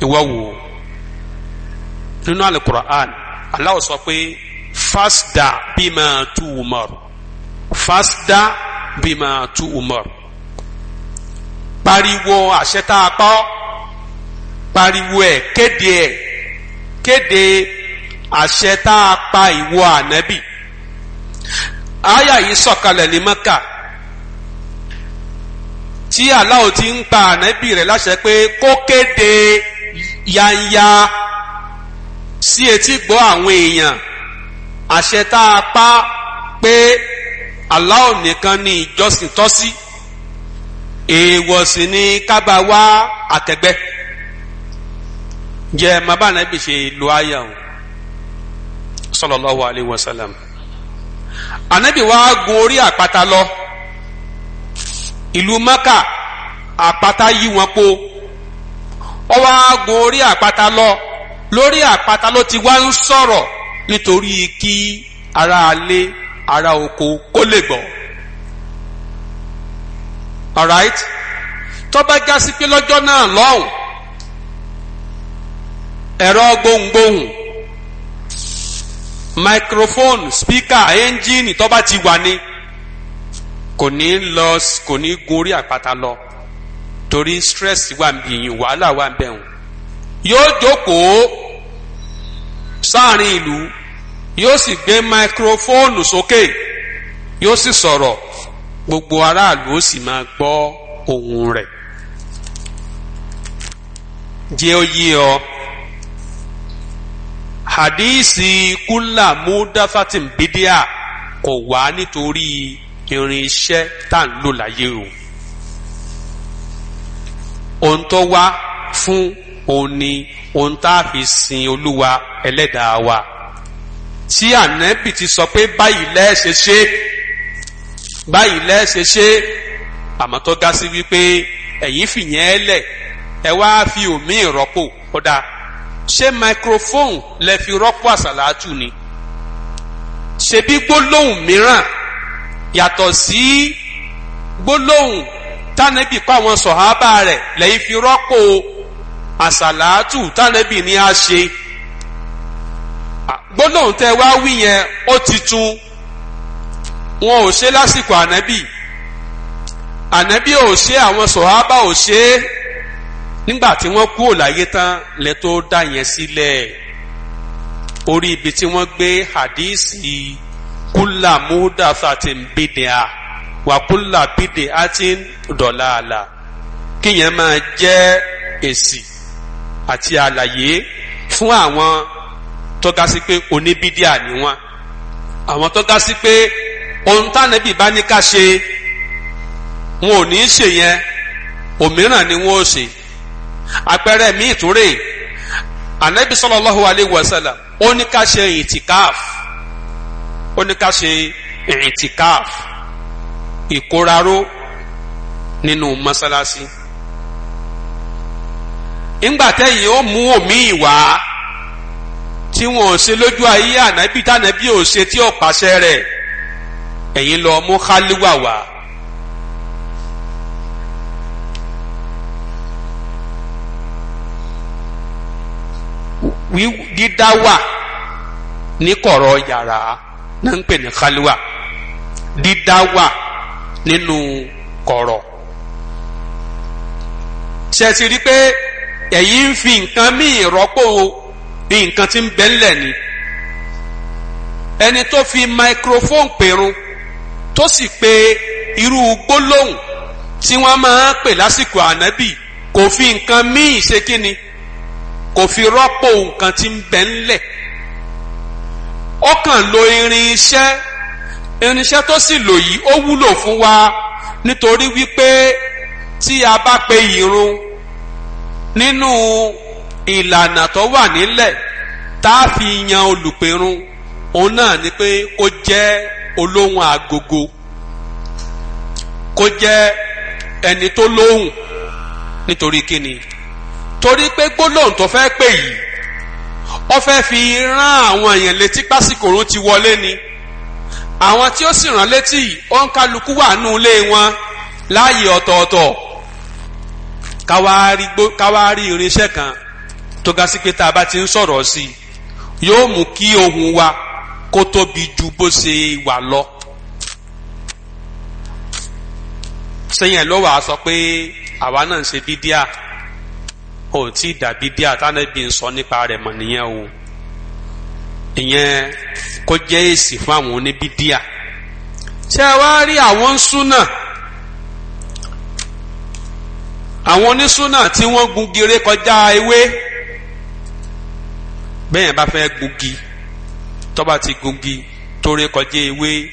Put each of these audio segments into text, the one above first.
ìwọ wò ó nínú alukur'an Allah sọ pé fasda bima tu umar fasda bima tu umar pariwo àṣẹ tá a pọ̀ pariwo ẹ̀ kéde ẹ̀ kéde àṣẹ tá a pa ìwọ ànábì àyà yìí sọ̀kalẹ̀ ní Mẹ́kà tí Allah ti ń pa ànábì rẹ̀ láṣẹ pé kó kéde yanya sí etí gbọ́ àwọn èèyàn àṣẹ tá a pa pé Allah nìkan ni ìjọsìn tọ́ sí èèwọ̀ sì ni kábà wá àkẹgbẹ́ jẹ́ màá bá ànábì ṣe lo àyà o sallallahu alayhi wa sallam ànábì wa gun orí àpáta lọ ìlú maka àpáta yí wọn po ó wá gun orí àpáta lọ lórí àpáta ló ti wá ń sọ̀rọ̀ nítorí kí ara alé ara oko kó lè gbọ́ alright tó bá já sí pé lọ́jọ́ náà lọ́hùn ẹ̀rọ gbohùngbohùn microphone speaker ẹ́ńjìnì tó bá ti wà ní kò ní lọ kò ní gun orí àpáta lọ torí stress wà ń bìyìn wàhálà wà ń bẹ̀hùn yóò jókòó sáàrin ìlú yóò sì gbé máikrófóònù sókè yóò sì sọ̀rọ̀ gbogbo aráàlú ó sì máa gbọ́ ohùn rẹ̀ jẹ́ ó yé ọ hadíìsì kúlà mú dáfátìm kò wá nítorí irinṣẹ́ tá à ń lò láyé o ohun tó wá fún òun ni ohun tá a fi sin olúwa ẹlẹ́dàá wa tí ànẹ́bì ti sọ pé báyìí lẹ́ẹ̀ṣẹ̀ ṣe báyìí lẹ́ẹ̀ṣẹ̀ ṣe àmọ́ tó ga sí wípé ẹ̀yin fìyẹn ẹ lẹ̀ ẹ wá fi òmíì rọ́pò kódà ṣé microphone lẹ fi rọ́pò àsàlátù ni ṣebí gbólóhùn mìíràn yàtọ̀ sí gbólóhùn tánẹ́bì pa àwọn sọ̀hábà rẹ̀ lẹ́yìn fi rọ́pò àsàlátù tánẹ́bì ni a ṣe gbólóhùn tẹ́ wá wí yẹn ó ti tun wọn ò ṣe lásìkò ànábì ànábì ò ṣe àwọn sọ̀hábà ò ṣe é nígbà tí wọ́n kú òláyé tán lẹ tó dá yẹn sílẹ̀ orí ibi tí wọ́n gbé hadísì Kula muda sàtìn bídìá wà kúlà bídìá tí ń dọ̀là àlà kíyẹn máa jẹ́ èsì àti àlàyé fún àwọn tọ́ka sí pé oníbídìá ni wọ́n àwọn tọ́ka sí pé ohun tánẹ́bì bá ní ká ṣe wọn ò ní ṣe yẹn òmíràn ni wọn ò ṣe àpẹẹrẹ mi ìtúrè ànábì sallallahu alaihi wasallam ó ní ká ṣe ìtìkáàfù ó ní ká ṣe ìtìkáf ìkóraró nínú mọ́sálásí ńgbà tẹ́yìn ó mú òmíì tí wọn ṣe lójú ayé ànábì tànábì ò ṣe tí ò rẹ̀ ẹ̀yin lọ mú kálíwà wá. dídá náà ń pè ní kálíwà dídá wà nínú kọ̀rọ̀ ṣe ti rí pé ẹ̀yin ń fi nǹkan míì rọ́pò nǹkan tí ń bẹ ńlẹ̀ ni ẹni tó fi microphone pèrun tó sì pe irú gbólóhùn tí wọ́n máa ń pè lásìkò ànábì kò fi nǹkan míì ṣe kí ni kò fi rọ́pò nǹkan tí ń bẹ ńlẹ̀ ó kàn lo irinṣẹ́ irinṣẹ́ tó sì lò yìí ó wúlò fún wa nítorí wípé tí a bá pe ìrun nínú ìlànà tó wà nílẹ̀ tá a fi yan olùpẹ̀run òun náà ni pé kó jẹ́ olóhùn agogo kó jẹ́ ẹni tó lóhùn nítorí kíni torí pé gbólóhùn tó fẹ́ pè yìí ó fẹ́ fi rán àwọn èèyàn létí pásíkò òun ti wọlé ni àwọn tí ó sì rán létí yìí ó ń kálukú wà nù ilé wọn láàyè ọ̀tọ̀ọ̀tọ̀ káwá irinṣẹ́ kan tó ga sí pé tá a bá ti ń sọ̀rọ̀ sí i yóò mú kí ohun wa kó tóbi ju bó ṣe wà lọ. sẹ́yìn ẹ̀ ló wàá sọ pé àwa náà ń ṣe bídíà kò tí ì dàbí díà tánàbí ń sọ nípa rẹ̀ mọ̀ nìyẹn o ìyẹn kó jẹ́ èsì fún àwọn oníbí díà ṣé ẹ wá rí àwọn súnà àwọn onísúnà tí wọ́n gungi eré kọjá ewé bẹ́ẹ̀ bá fẹ́ gungi tó ti gungi tó ré kọjá ewé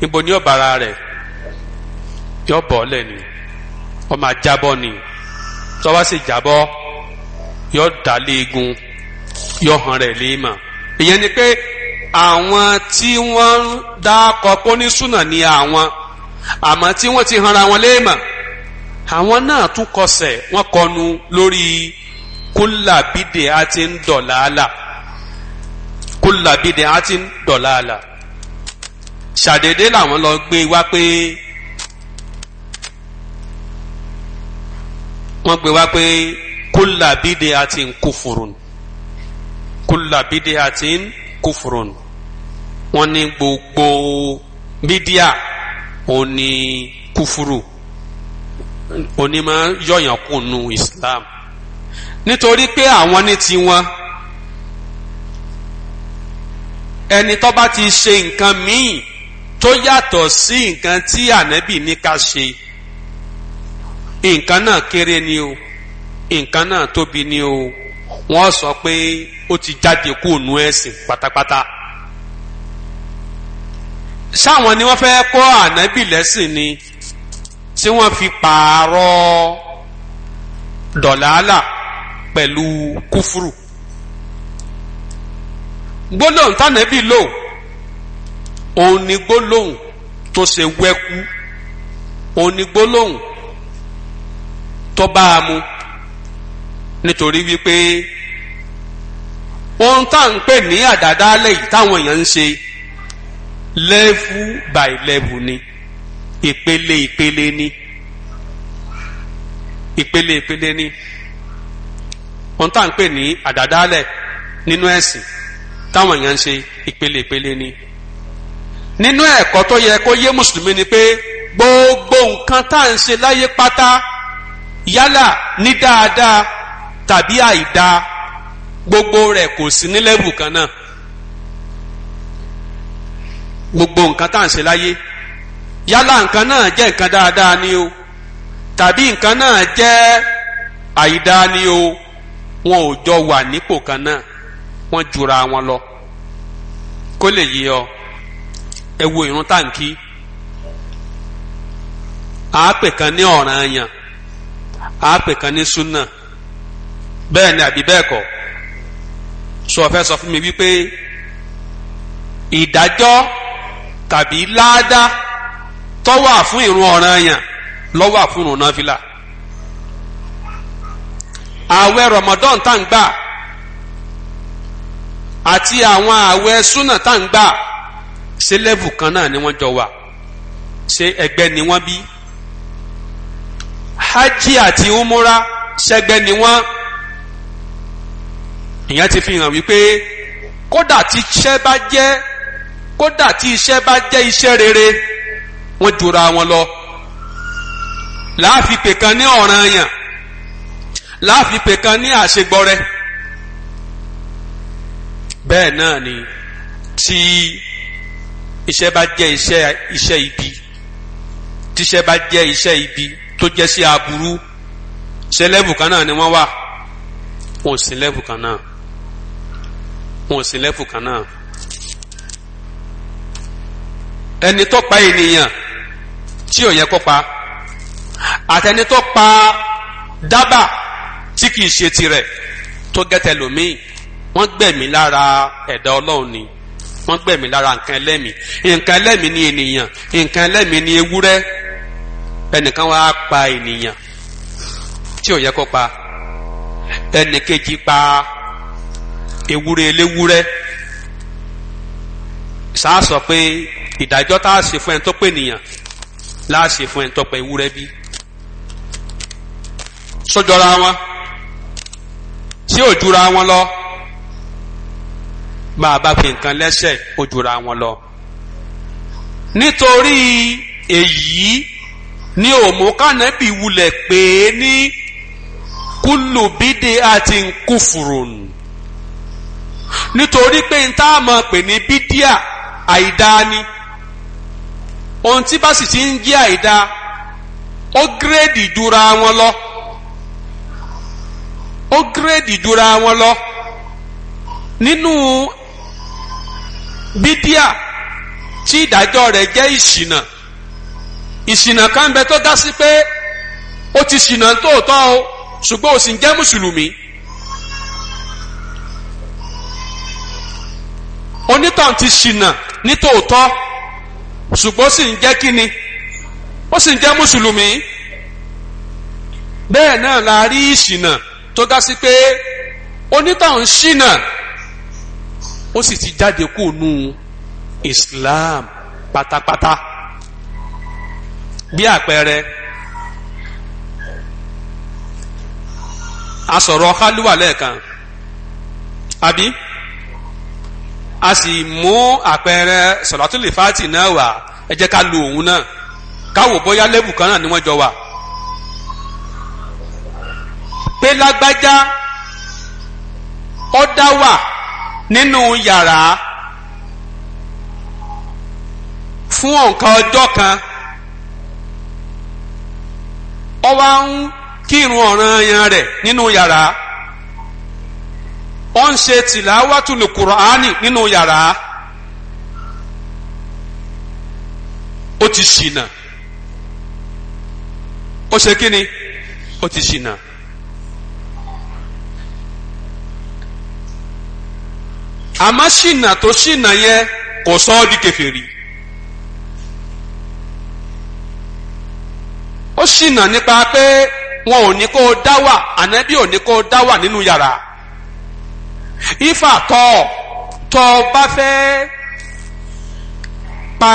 níbo ni ọ̀bàrà rẹ̀ yọ̀ bọ̀ lẹ́nu ọmọ àjábọ̀ ni tó sì jábọ̀ yọ dá léegun yọ hàn rẹ̀ léèmọ̀ ìyẹn ni pé àwọn tí wọ́n ń dá kọ́kọ́ ní súnà ni àwọn àmọ́ tí wọ́n ti hanra wọn léèmọ̀ àwọn náà tún kọsẹ̀ wọ́n kọnu lórí kólàbídè àti ń dọ̀làálà kólàbídè àti ń dọ̀làálà ṣàdédé làwọn lọ gbé wá pé wọ́n gbé wá pé. Kula bidiatin kufurun kula bidiatin kufurun wọ́n ní gbogbo bídíà òní kúfúrú òní máa yọ̀yàn kùnú Islam nítorí pé àwọn ní tiwọn ẹni tó bá ti ṣe nǹkan míì tó yàtọ̀ sí nǹkan tí ànábì ní ká ṣe nǹkan náà kéré ni o nǹkan náà tóbi ni o wọ́n sọ pé ó ti jáde kú ònú ẹ̀sìn pátápátá sáwọn ni wọ́n fẹ́ kọ́ ànábì lẹ́sìn ni tí wọ́n fi pààrọ̀ dọ̀làálà pẹ̀lú kúfúrù gbólóhùn tànàbí lò òun ni gbólóhùn tó ṣe wẹ́kú òun ni gbólóhùn tó bá a mu nítorí wípé ohun tá à ń pè ní àdádálẹ̀ yìí táwọn èèyàn ń ṣe level by level ni ìpele ìpele ni ìpele ìpele ni ohun tá à ń pè ní àdádálẹ̀ nínú ẹ̀sìn táwọn èèyàn ń ṣe ìpele ìpele ni nínú ẹ̀kọ́ tó yẹ kó yé mùsùlùmí ni pé gbogbo nǹkan tá à ń ṣe láyé pátá yálà ní dáadáa tàbí àìda gbogbo rẹ̀ kò sí ní lẹ́bù kan náà gbogbo nǹkan tá à ń ṣe láyé yálà nǹkan náà jẹ́ nǹkan dáadáa ni o tàbí nǹkan náà jẹ́ àìda ni o wọn ò jọ wà nípò kan náà wọ́n jura wọn lọ kó lè yé ọ ẹ wo ìrun táǹkì àápè kan ní ọ̀ranyàn àápè kan ní súnà. bẹ́ẹ̀ ni àbí bẹ́ẹ̀ kọ́ sọ fẹ́ sọ fún mi wípé ìdájọ́ tàbí láádá tó wà fún ìrun ọ̀ranyàn ló wà fún ìrun náfìlà ààwẹ̀ Ramadan tá ń gbà àti àwọn ààwẹ̀ súnà tá ń gbà ṣé lẹ́vù kan náà ni wọ́n jọ wà ṣé ẹgbẹ́ ni wọ́n bí hajj àti umura ṣẹgbẹ́ ni wọ́n ìyẹn ti fi hàn wípé kódà tí iṣẹ́ bá jẹ́ kódà tí iṣẹ́ bá jẹ́ iṣẹ́ rere wọ́n jura wọn lọ láàfipè kan ní ọ̀ràn yàn láàfipè kan ní àṣegbọrẹ bẹ́ẹ̀ náà ni tí iṣẹ́ bá jẹ́ iṣẹ́ iṣẹ́ ibi tíṣẹ́ bá jẹ́ iṣẹ́ ibi tó jẹ́ sí aburú ṣe kan náà ni wọ́n wà wọn ò lẹ́bù kan náà wọn ò sí lẹ́fù kan náà ẹni tó pa ènìyàn tí ò yẹ kó pa àtẹni tó pa dábàá tí kìí ṣe tirẹ̀ tó gẹ́tẹ̀ lòmíì wọ́n gbẹ̀mí lára ẹ̀dá ọlọ́run ni wọ́n gbẹ̀mí lára nǹkan ẹlẹ́mìí nǹkan ẹlẹ́mìí ni ènìyàn nǹkan ẹlẹ́mìí ni ewúrẹ́ ẹnìkan wá pa ènìyàn tí ò yẹ kó pa ẹnìkejì pa ewúrẹ́ eléwúrẹ́ sáà sọ pé ìdájọ́ tá a ṣe fún ẹni tó pè nìyàn láà ṣe fún ẹni tó pa ewúrẹ́ bí sójọra wọn tí ò jura wọn lọ máa bá fi nǹkan lẹ́sẹ̀ ó jura wọn lọ nítorí èyí ni òmùkànnẹ́bì wulẹ̀ pé ní kúlùbídé àti nkúfùrùn nítorí pé n tá a mọ̀ pè ní bídíà àìdá ni ohun tí bá sì ti ń jẹ́ àìdá ó gírèdì jura wọn lọ ó gírèdì jura wọn lọ nínú bídíà tí ìdájọ́ rẹ̀ jẹ́ ìṣìnà ìṣìnà kan bẹ tó dá sí pé ó ti ṣìnà tóòtọ́ o ṣùgbọ́n ó sì ń jẹ́ mùsùlùmí onítàn ti ṣìnà nítòótọ́ ṣùgbọ́n sì ń jẹ́ kíni ó sì ń jẹ́ mùsùlùmí bẹ́ẹ̀ náà la rí ìṣìnà tó dá sí pé onítàn ṣìnà ó sì ti jáde kó nu Islam pátápátá bí àpẹẹrẹ a sọ̀rọ̀ hálùwà lẹ́ẹ̀kan àbí a sì mú àpẹẹrẹ sọ̀látùlì fáàtì náà wá ẹ jẹ́ ká lo òun náà káwò bóyá lẹ́bù kan náà ni wọ́n jọ wà. pé lágbájá ó dá wà nínú yàrá fún ọ̀nkan ọjọ́ kan ó wá ń kírun ọ̀ranyàn rẹ̀ nínú yàrá. ó ń ṣe tìláwátùlù kùránì nínú yàrá ó ti ṣìnà ó ṣe kí ni ó ti ṣìnà. àmọ́ ṣìnà tó ṣìnà yẹn kò sọ ọ́ di ó ṣìnà nípa pé wọn ò ní kó dáwà dá ànábì ò ní kó dáwà nínú yàrá. ifá tọ́ tọ́ bá fẹ́ pa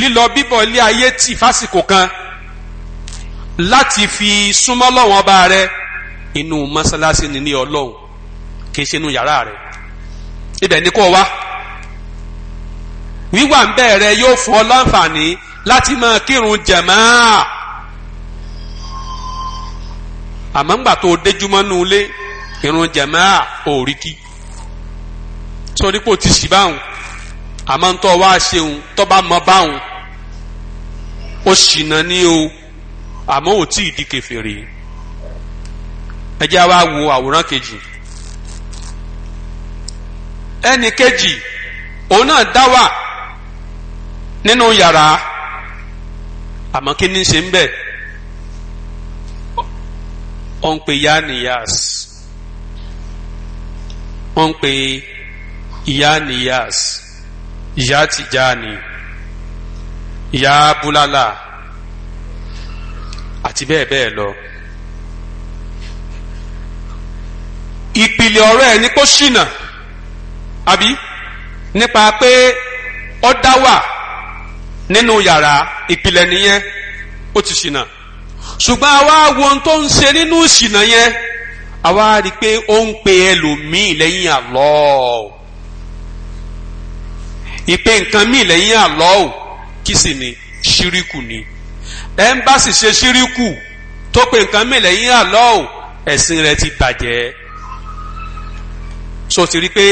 lílọ bíbọ̀ ilé ayé tì fásìkò kan láti fi súnmọ́ lọ́wọ́n ọba rẹ inú mọ́sálásí ni ní ọlọ́run kì í ṣe inú yàrá rẹ ibẹ̀ ni kò wá wíwà ń bẹ̀rẹ̀ yóò fún ọ láǹfààní láti máa kírun jàmáà àmọ́ ńgbà tó déjúmọ́ nulẹ̀ irun jamaa òòrí kí sórí pò ti sì báwọn àmọ́ ń tọ́ ṣeun tọ́ bá mọ báwọn ó ṣìnà ní o àmọ́ ò tí ì di kèfèrí ẹ jẹ́ wá wo àwòrán kejì ẹnì kejì òun náà dá wà nínú yàrá àmọ́ kí ni ṣe ń bẹ̀ ọ̀ ń pè yá nìyàs wọ́n ń pe ìyá niyas ìyá tijani ìyá bulala àti bẹ́ẹ̀ bẹ́ẹ̀ lọ. ìpìlẹ̀ ọ̀rọ̀ ẹ̀ ní kó ṣìnà àbí nípa pé ó dá wà nínú yàrá ìpìlẹ̀ nìyẹn ó ti ṣìnà ṣùgbọ́n àwa wo ohun tó ń ṣe nínú ìṣìnà yẹn àwa rí pé ó ń pe ẹlòmíì lẹ́yìn Allah ìpè nǹkan míì lẹ́yìn Allah kí sì ni ṣíríkù ni ẹ ń bá sì ṣe ṣíríkù tó pe nǹkan míì lẹ́yìn Allah ẹ̀sìn rẹ̀ ti bàjẹ́ so ti rí pé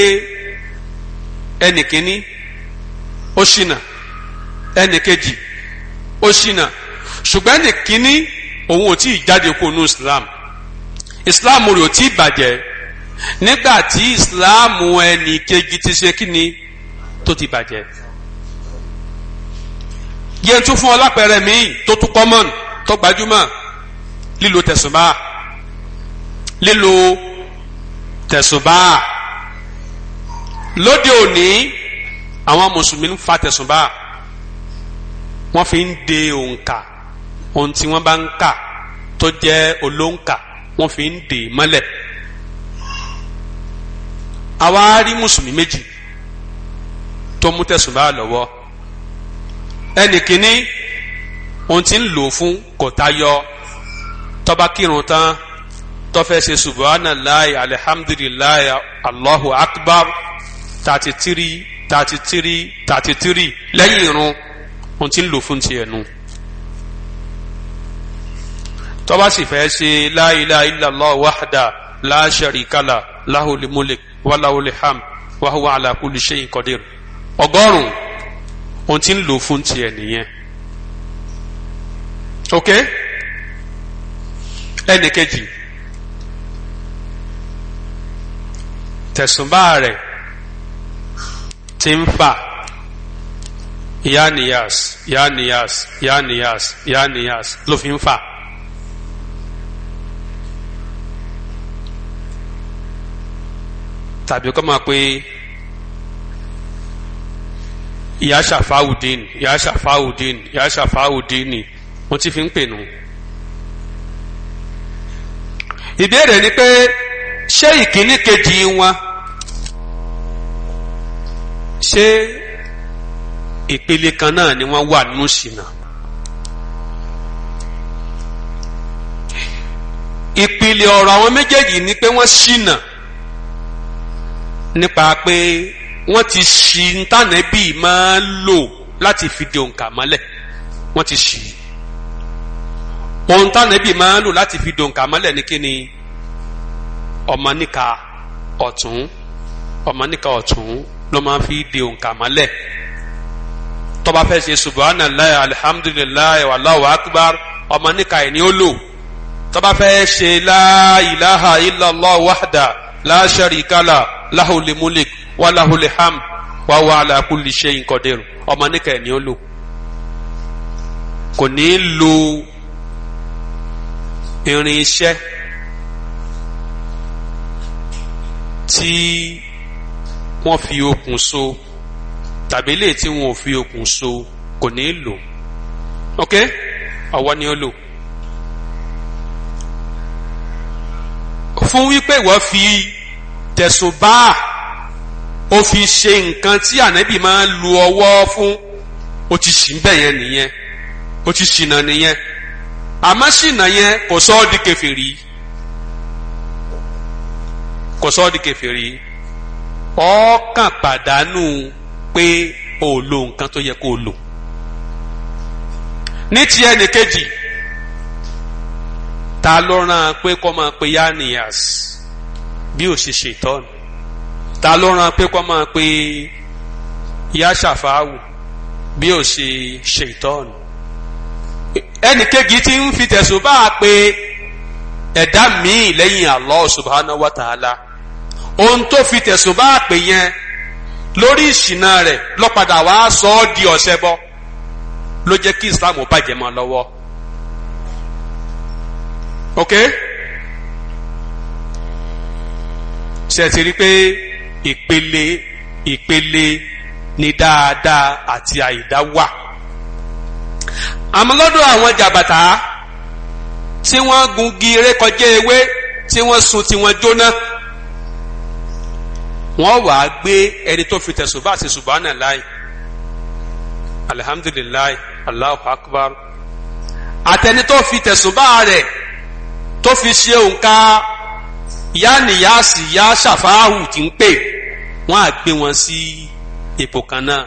ẹnì kínní ó ṣìnà ẹnì kejì ó ṣìnà ṣùgbọ́n ẹnì kínní òun ò tí ì jáde kó nu Islam islam rẹ̀ ò tí ì bàjẹ́ nígbà tí islam ẹnì kejì ti ṣe kí ni tó ti bàjẹ́ yẹn tún fún ọlápẹ̀rẹ̀ míì tó tún kọ́mọ̀n tó gbajúmọ̀ lílo tẹ̀sùbá lílo tẹ̀sùbá lóde òní àwọn mùsùlùmí ń fa tẹ̀sùbá wọ́n fi ń de òǹkà ohun tí wọ́n bá ń kà tó jẹ́ olóǹkà wọ́n fi ń dè mọ́lẹ̀ àwa rí mùsùlùmí méjì tó mú tẹ̀sùn bá lọ́wọ́ ẹnì kínní ohun tí ń lò fún kò tayọ tọ́ba kírun tán tọ́fẹ́ ṣe subhanallahi alihamdulilayi allahu akbar tati tiri, tati tiri, tati tiri, lẹ́yìn irun ohun tí ń lò fún tiẹ̀ nù tó bá sì fẹ́ ṣe la ilaha illallah wahda la sharika la lahul mulk wa lahul hamd wa huwa ala kulli shay'in qadir ọgọ́rùn ohun tí ń lò fún tiẹ̀ nìyẹn ok ẹnìkejì tẹ̀sùnbá rẹ̀ ti ń fà yaniyas yaniyas yaniyas yaniyas ló fi ń fà. tàbí kọ́ máa pé ìyá ṣàfáwùdín ìyá ṣàfáwùdín ìyá ṣàfáwùdín ni wọ́n ti fi ń pè nù. ìbéèrè ni pé ṣé ìkíní kejì wọn ṣé ìpele kan náà ni wọ́n wà nínú ṣìnà. ìpìlẹ̀ ọ̀rọ̀ àwọn méjèèjì ni pé wọ́n ṣìnà nípa pé wọ́n ti ṣì ń tànẹ́bì máa ń lò láti fi de òǹkà mọ́lẹ̀ wọ́n ti ṣì ohun tànẹ́bì máa ń lò láti fi de òǹkà mọ́lẹ̀ ní kíni ọmọ níka ọ̀tún ọmọ níka ọ̀tún ló máa fi de òǹkà mọ́lẹ̀ tó bá fẹ́ ṣe subhanallah alhamdulilayi wallahu akbar ọmọ níka ẹ̀ ni ó lò tó fẹ́ ṣe la ilaha illallah wahda la sharikala lahul mulik wa lahul ham wa wa ala kulli shay'in qadir ọmọ níkà ẹ̀ ní ó lò kò ní í lo irinṣẹ́ tí wọ́n fi okùn so tàbí lè tí wọ́n fi okùn so kò ní í lò ok ọwọ́ ni ó lò. fún wípé ìwọ fi tẹ̀sùbá ó fi ṣe nǹkan tí ànábì máa ń lu ọwọ́ fún ó ti ṣì ń bẹ̀ yẹn nìyẹn ó nìyẹn àmọ́ sọ ọ́ di kò sọ ọ́ di o lo nǹkan tó yẹ kó o ní ti ta ló pé máa pe bí ò ṣe ṣe ìtọ́ni ta ló ran pé kó máa pe ìyá ṣàfáàwù bí ò ṣe ṣe ìtọ́ni ẹnì kejì tí ń fi tẹ̀sùn bá a pé ẹ̀dá míì lẹ́yìn Allah subhanahu wa ta'ala ohun tó fi tẹ̀sùn bá a pè yẹn lórí ìṣìnà rẹ̀ lọ́padà wàá sọ ọ́ di ọ̀sẹ̀ bọ́ ló jẹ́ kí Islam bàjẹ́ mọ́ lọ́wọ́ ok. ṣe ti rí pé ìpele ìpele ni dáadáa àti àìdá wà àmọ́ lọ́dọ̀ àwọn jàbàtà tí wọ́n gungi rékọjá ewé tí wọ́n sun tí wọ́n jóná wọ́n wàá gbé ẹni tó fi tẹ̀sùbá àti subhana láì alihamdulilayi allahu akbar àtẹni tó fi tẹ̀sùbá rẹ̀ tó fi ṣe òǹkà ìyá nìyá sì yá ṣàfáàhù tí ń pè wọ́n á gbé wọn sí ipò kan náà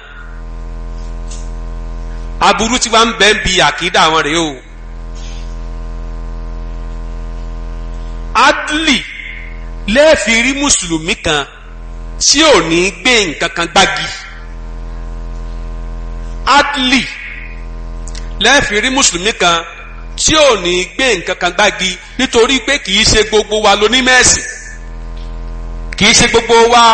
aburú tí wàá ń bẹ́ẹ̀ bi àkídà wọn rèé o adli lẹ́ẹ̀fì rí mùsùlùmí kan tí ò ní gbé nǹkan kan gbági adli lẹ́ẹ̀fì rí mùsùlùmí kan tí ò ní gbé nǹkan kan gbági nítorí pé kì í ṣe gbogbo wa lónímẹ̀sìn kì í ṣe gbogbo wa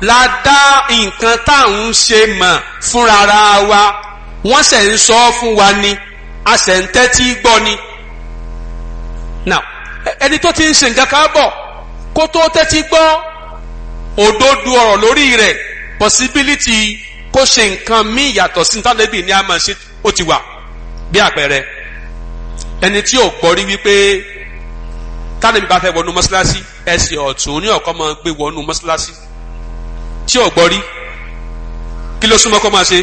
la dá nǹkan tá à ń ṣe mọ̀ fúnra ra wa wọ́n ṣẹ̀ ń sọ fún wa ni a ṣẹ̀ ń tẹ́tí gbọ́ ni. now ẹni tó ti ń ṣe nǹkan kan bọ̀ kó tó tẹ́tí gbọ́ òdodo ọ̀rọ̀ lórí rẹ̀ possibility kó ṣe nǹkan míì yàtọ̀ sí ní ni a máa ṣe ó ti wà bí àpẹẹrẹ ẹni tí ò gbọ́ rí wípé tánàbí bá fẹ́ wọnú mọ́ṣáláṣí ẹsẹ̀ ọ̀tún ní ọ̀kọ́ máa gbé wọnú mọ́ṣáláṣí tí ò gbọ́ rí kí ló súnmọ́ kó máa ṣe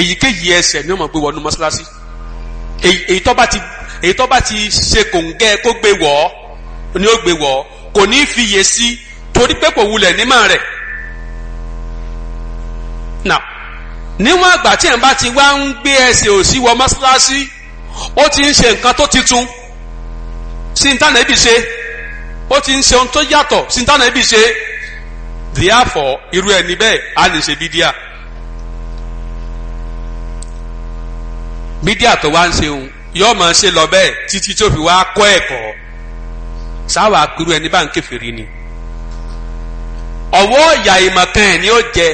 èyíkéyìí ẹsẹ̀ ni ó máa gbé wọnú mọ́ṣáláṣí èyí tó bá ti èyí ti ṣe kòǹgẹ́ kó gbé wọ̀ ni ó gbé wọ̀ ọ́ kò ní fiyè sí torí pé kò wulẹ̀ nímọ̀ rẹ̀ náà níwọ̀n àgbà tí ẹ̀ ń bá ti wá ń gbé ẹsẹ̀ òsì wọ mọ́ṣáláṣí ó ti ń ṣe nǹkan tó titun sí ní tànà ibi ṣe ó ti ń ṣe ohun tó yàtọ̀ sí ní tànà ibi ṣe therefore irú ẹni bẹ́ẹ̀ a lè ṣe bídíà bídíà tó wá ń ṣe òun yóò máa ṣe lọ bẹ́ẹ̀ títí tó fi wá kọ́ ẹ̀kọ́ sáwà kúrú ẹni bá ń kèfèrí ni ọwọ́ ìyà ìmọ̀kan ẹ̀ ni ó jẹ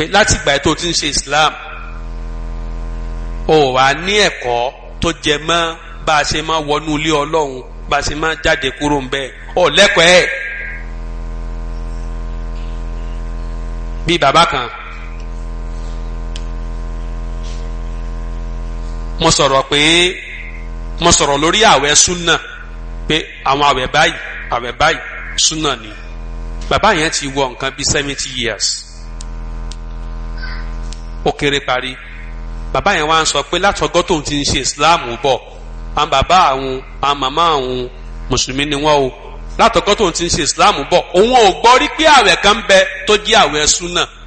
pé láti ìgbà tó ti ń ṣe Islam o wà ní ẹ̀kọ́ tó jẹ mọ́ bá a ṣe máa wọnú ilé Ọlọ́run bá a ṣe máa jáde kúrò ń bẹ́ẹ̀ ọ lẹ́kọ̀ọ́ ẹ̀ bí bàbá kan mo sọ̀rọ̀ pé mo sọ̀rọ̀ lórí àwẹ̀ súnà pé àwọn àwẹ̀ báyìí àwẹ̀ báyìí súnà ni bàbá yẹn ti wọ nǹkan bíi seventy years ó kéré parí bàbá yẹn wá ń sọ pé látọgọ́ tóun ti ń ṣe islam bọ̀ àwọn bàbá àwọn àwọn màmá àwọn mùsùlùmí ni wọ́n o látọgọ́ tóun ti ń ṣe islam bọ̀ òun ò gbọ́ rí pé àwẹ̀ kan bẹ tó jẹ́ àwẹ̀ súnà